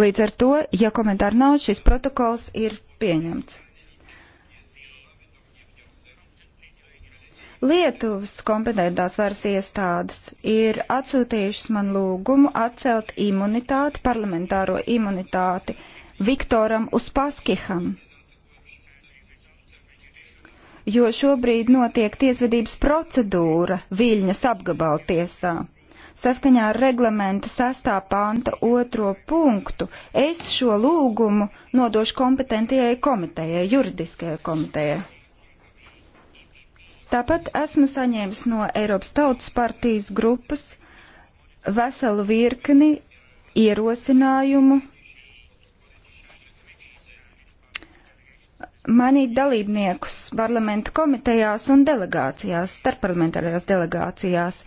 Līdz ar to, ja komentāru nav, šis protokols ir pieņemts. Lietuvas kompetentās varas iestādes ir atsūtījušas man lūgumu atcelt imunitāti, parlamentāro imunitāti Viktoram Uspaskiham, jo šobrīd notiek tiesvedības procedūra Viļņas apgabaltiesā. tiesā. Saskaņā ar reglamenta 6. panta otro punktu es šo lūgumu nodošu kompetentajai komitejai, juridiskajai komitejai. Tāpat esmu saņēmis no Eiropas Tautas partijas grupas veselu virkni ierosinājumu manīt dalībniekus parlamentu komitejās un delegācijās, starpparlamentārajās delegācijās.